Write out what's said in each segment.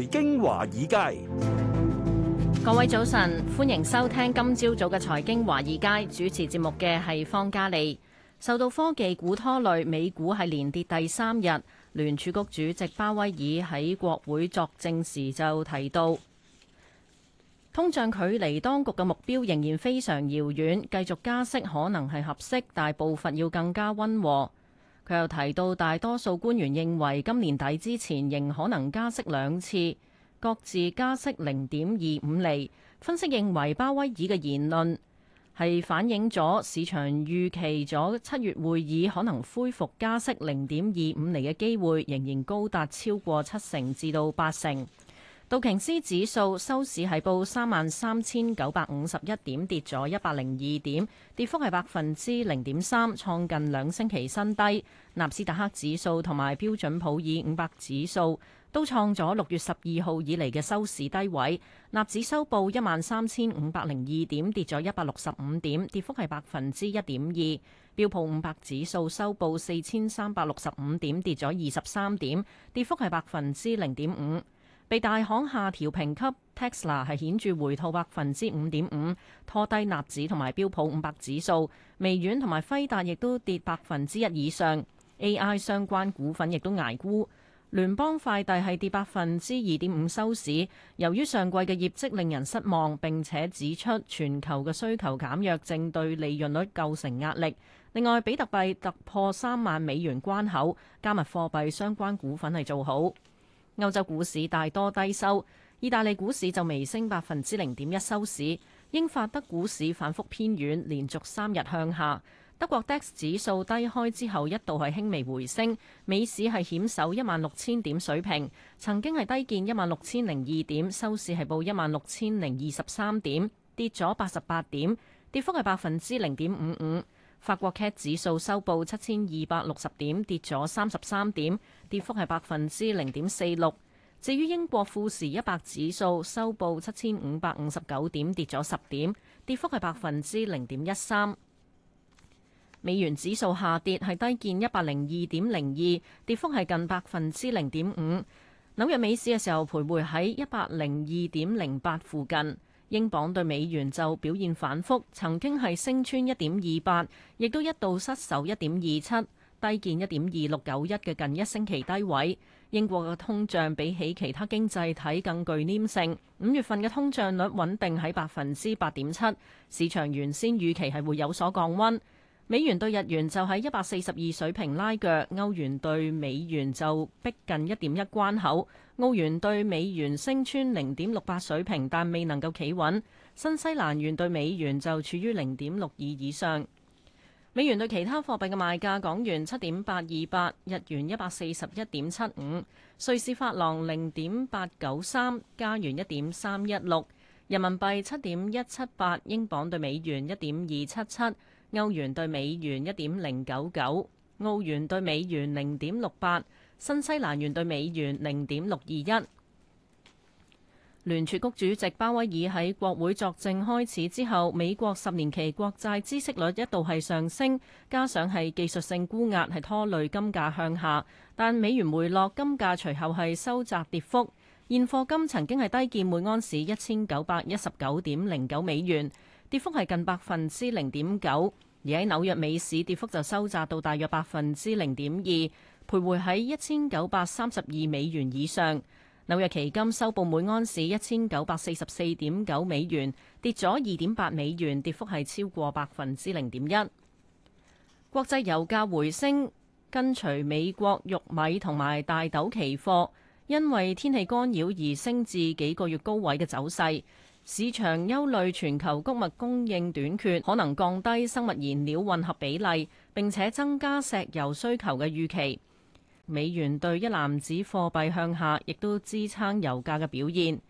財經華爾街，各位早晨，歡迎收聽今朝早嘅財經華爾街，主持節目嘅係方嘉利。受到科技股拖累，美股係連跌第三日。聯儲局主席鮑威爾喺國會作證時就提到，通脹距離當局嘅目標仍然非常遙遠，繼續加息可能係合適，但步伐要更加溫和。佢又提到，大多數官員認為今年底之前仍可能加息兩次，各自加息零點二五厘。分析認為鮑爾，鮑威爾嘅言論係反映咗市場預期咗七月會議可能恢復加息零點二五厘嘅機會，仍然高達超過七成至到八成。道瓊斯指數收市係報三萬三千九百五十一點，跌咗一百零二點，跌幅係百分之零點三，創近兩星期新低。納斯達克指數同埋標準普爾五百指數都創咗六月十二號以嚟嘅收市低位。納指收報一萬三千五百零二點，跌咗一百六十五點，跌幅係百分之一點二。標普五百指數收報四千三百六十五點，跌咗二十三點，跌幅係百分之零點五。被大行下調評級，Tesla 係顯著回吐百分之五點五，拖低納指同埋標普五百指數。微軟同埋輝達亦都跌百分之一以上。AI 相關股份亦都捱沽。聯邦快遞係跌百分之二點五收市，由於上季嘅業績令人失望，並且指出全球嘅需求減弱正對利潤率構成壓力。另外，比特幣突破三萬美元關口，加密貨幣相關股份係做好。歐洲股市大多低收，意大利股市就微升百分之零點一收市。英法德股市反覆偏軟，連續三日向下。德國 DAX 指數低開之後一度係輕微回升，美市係險守一萬六千點水平，曾經係低見一萬六千零二點，收市係報一萬六千零二十三點，跌咗八十八點，跌幅係百分之零點五五。法國 CAC 指數收報七千二百六十點，跌咗三十三點，跌幅係百分之零點四六。至於英國富時一百指數收報七千五百五十九點，跌咗十點，跌幅係百分之零點一三。美元指數下跌係低見一百零二點零二，跌幅係近百分之零點五。紐約美市嘅時候徘徊喺一百零二點零八附近。英鎊對美元就表現反覆，曾經係升穿一點二八，亦都一度失守一點二七，低見一點二六九一嘅近一星期低位。英國嘅通脹比起其他經濟體更具黏性，五月份嘅通脹率穩定喺百分之八點七，市場原先預期係會有所降溫。美元對日元就喺一百四十二水平拉鋸，歐元對美元就逼近一點一關口，澳元對美元升穿零點六八水平，但未能夠企穩。新西蘭元對美元就處於零點六二以上。美元對其他貨幣嘅賣價：港元七點八二八，日元一百四十一點七五，瑞士法郎零點八九三，加元一點三一六，人民幣七點一七八，英鎊對美元一點二七七。歐元對美元一點零九九，澳元對美元零點六八，新西蘭元對美元零點六二一。聯儲局主席鮑威爾喺國會作證開始之後，美國十年期國債孳息率一度係上升，加上係技術性沽壓係拖累金價向下，但美元回落，金價隨後係收窄跌幅。現貨金曾經係低見每安士一千九百一十九點零九美元。跌幅係近百分之零點九，而喺紐約美市跌幅就收窄到大約百分之零點二，徘徊喺一千九百三十二美元以上。紐約期金收報每安士一千九百四十四點九美元，跌咗二點八美元，跌幅係超過百分之零點一。國際油價回升，跟隨美國玉米同埋大豆期貨，因為天氣干擾而升至幾個月高位嘅走勢。市場憂慮全球谷物供應短缺，可能降低生物燃料混合比例，並且增加石油需求嘅預期。美元兌一籃子貨幣向下，亦都支撐油價嘅表現。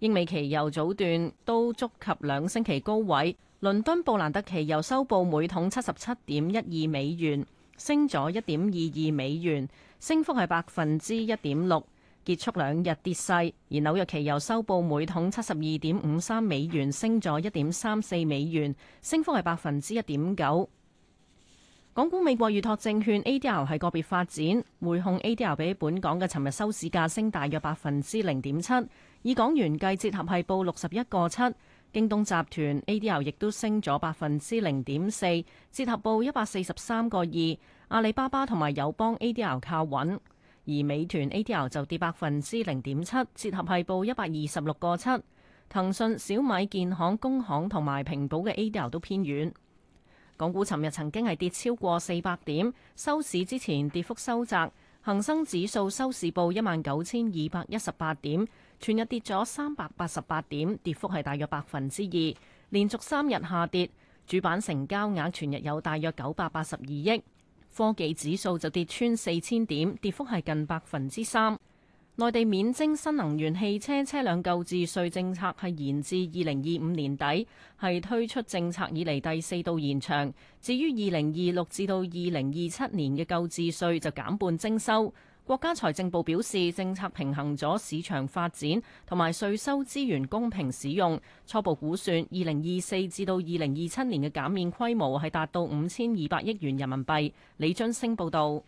英美期油早段都觸及兩星期高位，倫敦布蘭特期油收報每桶七十七點一二美元，升咗一點二二美元，升幅係百分之一點六。結束兩日跌勢，而紐約期油收報每桶七十二點五三美元，升咗一點三四美元，升幅係百分之一點九。港股美國預託證券 ADR 係個別發展，匯控 ADR 比本港嘅尋日收市價升大約百分之零點七，以港元計，折合係報六十一個七。京東集團 ADR 亦都升咗百分之零點四，折合報一百四十三個二。阿里巴巴同埋友邦 ADR 靠穩。而美團 ADR 就跌百分之零點七，折合係報一百二十六個七。騰訊、小米、建行、工行同埋平保嘅 ADR 都偏軟。港股尋日曾經係跌超過四百點，收市之前跌幅收窄。恒生指數收市報一萬九千二百一十八點，全日跌咗三百八十八點，跌幅係大約百分之二，連續三日下跌。主板成交額全日有大約九百八十二億。科技指數就跌穿四千點，跌幅係近百分之三。內地免徵新能源汽車車輛購置稅政策係延至二零二五年底，係推出政策以嚟第四度延長。至於二零二六至到二零二七年嘅購置稅就減半徵收。國家財政部表示，政策平衡咗市場發展同埋稅收資源公平使用。初步估算，二零二四至到二零二七年嘅減免規模係達到五千二百億元人民幣。李津升報導。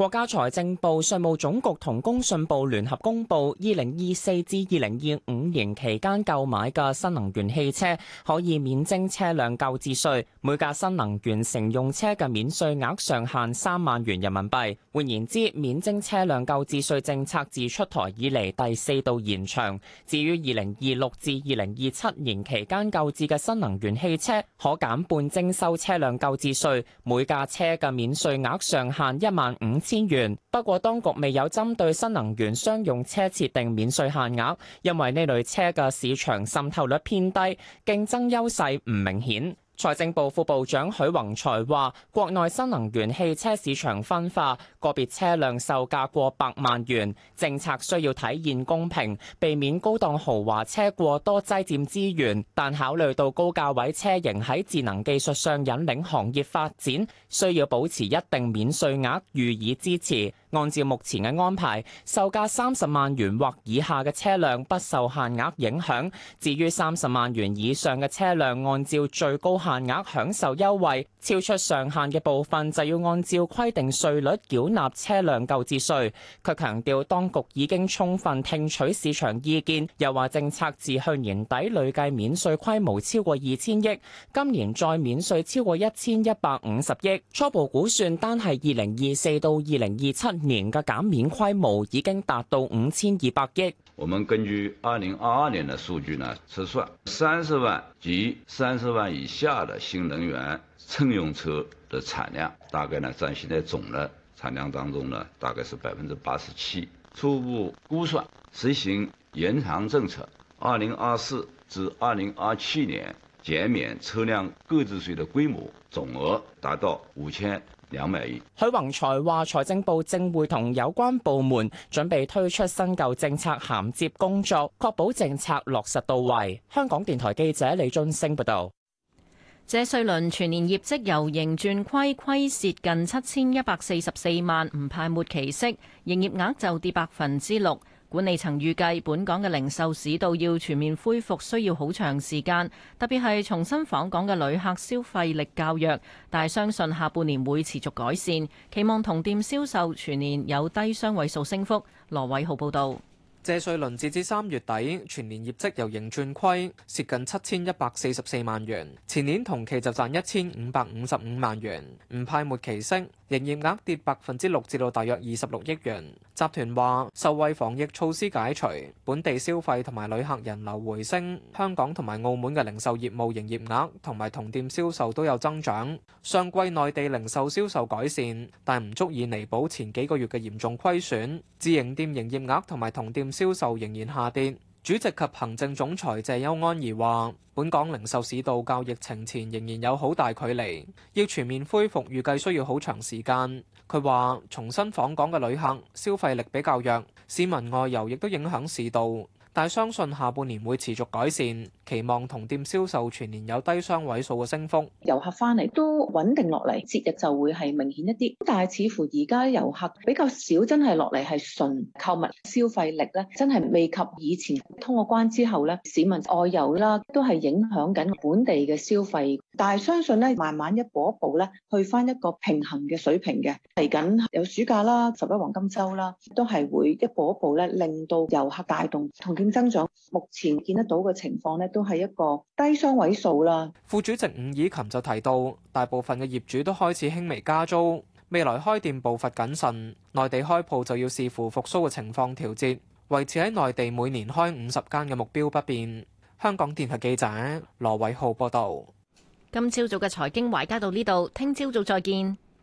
國家財政部、稅務總局同工信部聯合公布，二零二四至二零二五年期間購買嘅新能源汽車可以免徵車輛購置稅，每架新能源乘用車嘅免稅額上限三萬元人民幣。換言之，免徵車輛購置稅政策自出台以嚟第四度延長。至於二零二六至二零二七年期間購置嘅新能源汽車，可減半徵收車輛購置稅，每架車嘅免稅額上限一萬五。千元。不過當局未有針對新能源商用車設定免稅限額，因為呢類車嘅市場滲透率偏低，競爭優勢唔明顯。財政部副部長許宏才話，國內新能源汽車市場分化，個別車輛售價過百萬元，政策需要體現公平，避免高檔豪華車過多擠佔資源。但考慮到高價位車型喺智能技術上引領行業發展，需要保持一定免稅額予以支持。按照目前嘅安排，售價三十萬元或以下嘅車輛不受限額影響，至於三十萬元以上嘅車輛按照最高限額享受優惠，超出上限嘅部分就要按照規定稅率繳納車輛購置稅。佢強調當局已經充分聽取市場意見，又話政策自去年底累計免稅規模超過二千億，今年再免稅超過一千一百五十億，初步估算單係二零二四到二零二七。年嘅減免規模已經達到五千二百億。我們根據二零二二年的數據呢，測算三十萬及三十萬以下的新能源乘用車的產量，大概呢佔現在總的產量當中呢，大概是百分之八十七。初步估算，實行延長政策，二零二四至二零二七年。減免車輛購置稅的規模總額達到五千兩百億。許宏才話：財政部正會同有關部門準備推出新舊政策銜接工作，確保政策落實到位。香港電台記者李俊升報道。謝瑞麟全年業績由盈轉虧，虧蝕近七千一百四十四萬，唔派末期息，營業額就跌百分之六。管理層預計本港嘅零售市道要全面恢復需要好長時間，特別係重新訪港嘅旅客消費力較弱，但係相信下半年會持續改善，期望同店銷售全年有低雙位數升幅。羅偉浩報導。謝瑞麟截至三月底全年業績由盈轉虧，蝕近七千一百四十四萬元，前年同期就賺一千五百五十五萬元，唔派末期息。營業額跌百分之六，至到大約二十六億元。集團話，受惠防疫措施解除，本地消費同埋旅客人流回升，香港同埋澳門嘅零售業務營業額同埋同店銷售都有增長。上季內地零售銷售改善，但唔足以彌補前幾個月嘅嚴重虧損。自營店營業額同埋同店銷售仍然下跌。主席及行政總裁謝邱安怡話：本港零售市道較疫情前仍然有好大距離，要全面恢復，預計需要好長時間。佢話：重新訪港嘅旅客消費力比較弱，市民外遊亦都影響市道。但相信下半年會持續改善，期望同店銷售全年有低雙位數嘅升幅。遊客翻嚟都穩定落嚟，節日就會係明顯一啲。但係似乎而家遊客比較少，真係落嚟係純購物消費力咧，真係未及以前通過關之後咧，市民外遊啦都係影響緊本地嘅消費。但係，相信咧，慢慢一步一步咧，去翻一個平衡嘅水平嘅，嚟緊有暑假啦，十一黃金周啦，都係會一步一步咧，令到遊客帶動同比增長。目前見得到嘅情況咧，都係一個低雙位數啦。副主席伍以琴就提到，大部分嘅業主都開始輕微加租，未來開店步伐謹慎，內地開鋪就要視乎復甦嘅情況調節，維持喺內地每年開五十間嘅目標不變。香港電台記者羅偉浩報道。今朝早嘅財經華爾街到呢度，聽朝早再見。